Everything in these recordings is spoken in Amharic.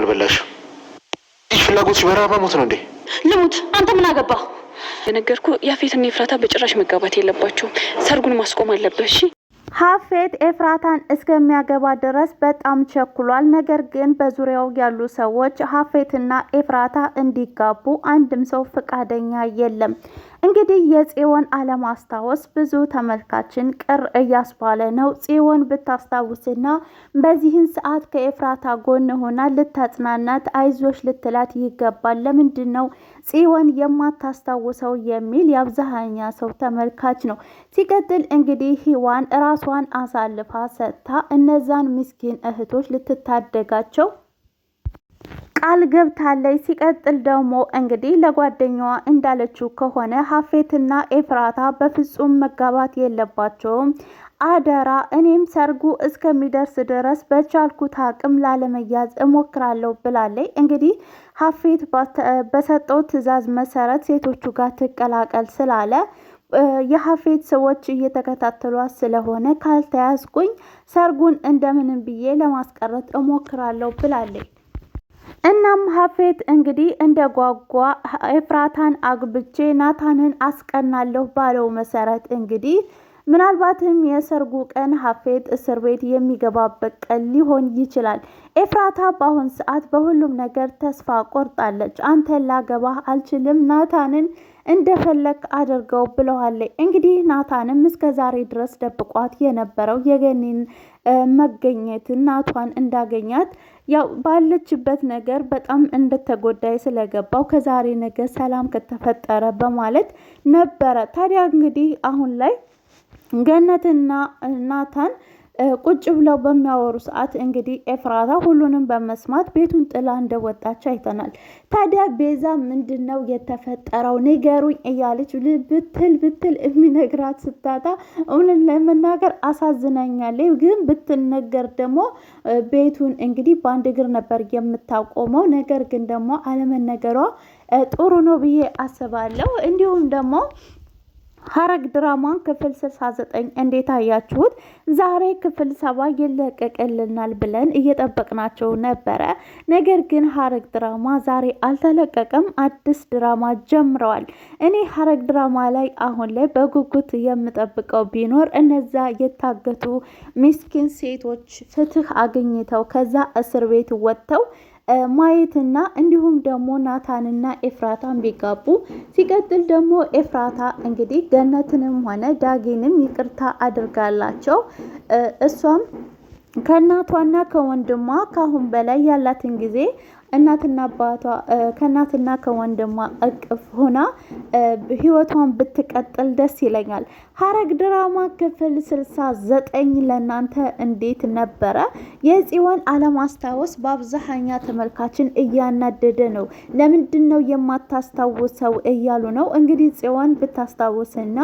አልበላሽም። ይህ ፍላጎትሽ በረሃብ ሞት ነው እንዴ? ልሙት። አንተ ምን አገባ? የነገርኩ ያፌትና ኤፍራታ በጭራሽ መጋባት የለባቸውም። ሰርጉን ማስቆም አለበት። እሺ ሀፌት ኤፍራታን እስከሚያገባ ድረስ በጣም ቸኩሏል። ነገር ግን በዙሪያው ያሉ ሰዎች ሀፌትና ኤፍራታ እንዲጋቡ አንድም ሰው ፈቃደኛ የለም። እንግዲህ የጽዮን አለማስታወስ ብዙ ተመልካችን ቅር እያስባለ ነው። ጽዮን ብታስታውስና በዚህን ሰዓት ከኤፍራታ ጎን ሆና ልታጽናናት አይዞሽ ልትላት ይገባል። ለምንድን ነው ጽዮን የማታስታውሰው የሚል የአብዛኛ ሰው ተመልካች ነው። ሲቀጥል እንግዲህ ሂዋን ራሷን አሳልፋ ሰጥታ እነዛን ምስኪን እህቶች ልትታደጋቸው ቃል ገብታለይ። ሲቀጥል ደግሞ እንግዲህ ለጓደኛዋ እንዳለችው ከሆነ ሀፌትና ኤፍራታ በፍጹም መጋባት የለባቸውም። አደራ እኔም ሰርጉ እስከሚደርስ ድረስ በቻልኩት አቅም ላለመያዝ እሞክራለሁ ብላለይ። እንግዲህ ሀፌት በሰጠው ትዕዛዝ መሰረት ሴቶቹ ጋር ትቀላቀል ስላለ የሀፌት ሰዎች እየተከታተሏት ስለሆነ ካልተያዝኩኝ ሰርጉን እንደምንም ብዬ ለማስቀረት እሞክራለሁ ብላለች። እናም ሀፌት እንግዲህ እንደ ጓጓ ኤፍራታን አግብቼ ናታንን አስቀናለሁ ባለው መሰረት እንግዲህ ምናልባትም የሰርጉ ቀን ሀፌት እስር ቤት የሚገባበት ቀን ሊሆን ይችላል። ኤፍራታ በአሁን ሰዓት በሁሉም ነገር ተስፋ ቆርጣለች። አንተን ላገባህ አልችልም ናታንን እንደፈለክ አድርገው ብለዋለች። እንግዲህ ናታንም እስከ ዛሬ ድረስ ደብቋት የነበረው የገኒን መገኘት እናቷን እንዳገኛት ያው ባለችበት ነገር በጣም እንደተጎዳይ ስለገባው ከዛሬ ነገ ሰላም ከተፈጠረ በማለት ነበረ። ታዲያ እንግዲህ አሁን ላይ ገነትና ናታን ቁጭ ብለው በሚያወሩ ሰዓት እንግዲህ ኤፍራታ ሁሉንም በመስማት ቤቱን ጥላ እንደወጣች አይተናል። ታዲያ ቤዛ ምንድን ነው የተፈጠረው ንገሩኝ እያለች ብትል ብትል የሚነግራት ስታጣ እውነት ለመናገር አሳዝናኛለች። ግን ብትነገር ደግሞ ቤቱን እንግዲህ በአንድ እግር ነበር የምታቆመው። ነገር ግን ደግሞ አለመነገሯ ጥሩ ነው ብዬ አስባለሁ። እንዲሁም ደግሞ ሐረግ ድራማ ክፍል 69 እንዴት አያችሁት? ዛሬ ክፍል ሰባ ይለቀቅልናል ብለን እየጠበቅናቸው ነበረ። ነገር ግን ሐረግ ድራማ ዛሬ አልተለቀቀም። አዲስ ድራማ ጀምረዋል። እኔ ሐረግ ድራማ ላይ አሁን ላይ በጉጉት የምጠብቀው ቢኖር እነዛ የታገቱ ምስኪን ሴቶች ፍትህ አግኝተው ከዛ እስር ቤት ወጥተው ማየትና እንዲሁም ደግሞ ናታንና ኤፍራታን ቢጋቡ ሲቀጥል ደግሞ ኤፍራታ እንግዲህ ገነትንም ሆነ ዳጊንም ይቅርታ አድርጋላቸው እሷም ከእናቷና ከወንድሟ ከአሁን በላይ ያላትን ጊዜ እናትና አባቷ ከእናትና ከወንድሟ እቅፍ ሆና ህይወቷን ብትቀጥል ደስ ይለኛል። ሐረግ ድራማ ክፍል ስልሳ ዘጠኝ ለእናንተ እንዴት ነበረ? የጽዮን አለማስታወስ በአብዛሀኛ ተመልካችን እያናደደ ነው። ለምንድን ነው የማታስታውሰው እያሉ ነው። እንግዲህ ጽዮን ብታስታውስና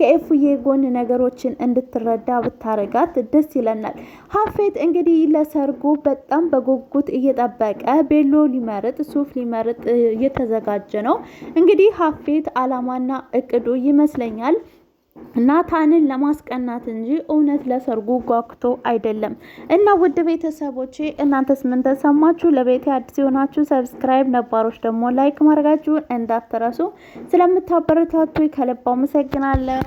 ከኤፉዬ ጎን ነገሮችን እንድትረዳ ብታረጋት ደስ ይለናል። ሀፌት እንግዲህ ለሰርጉ በጣም በጉጉት እየጠበቀ ቬሎ ሊመርጥ ሱፍ ሊመርጥ እየተዘጋጀ ነው። እንግዲህ ሀፌት አላማና እቅዱ ይመስለኛል ናታንን ለማስቀናት እንጂ እውነት ለሰርጉ ጓጉቶ አይደለም። እና ውድ ቤተሰቦቼ እናንተስ ምን ተሰማችሁ? ለቤቴ አዲስ የሆናችሁ ሰብስክራይብ፣ ነባሮች ደግሞ ላይክ ማድረጋችሁን እንዳትረሱ። ስለምታበረታቱ ከልብ አመሰግናለሁ።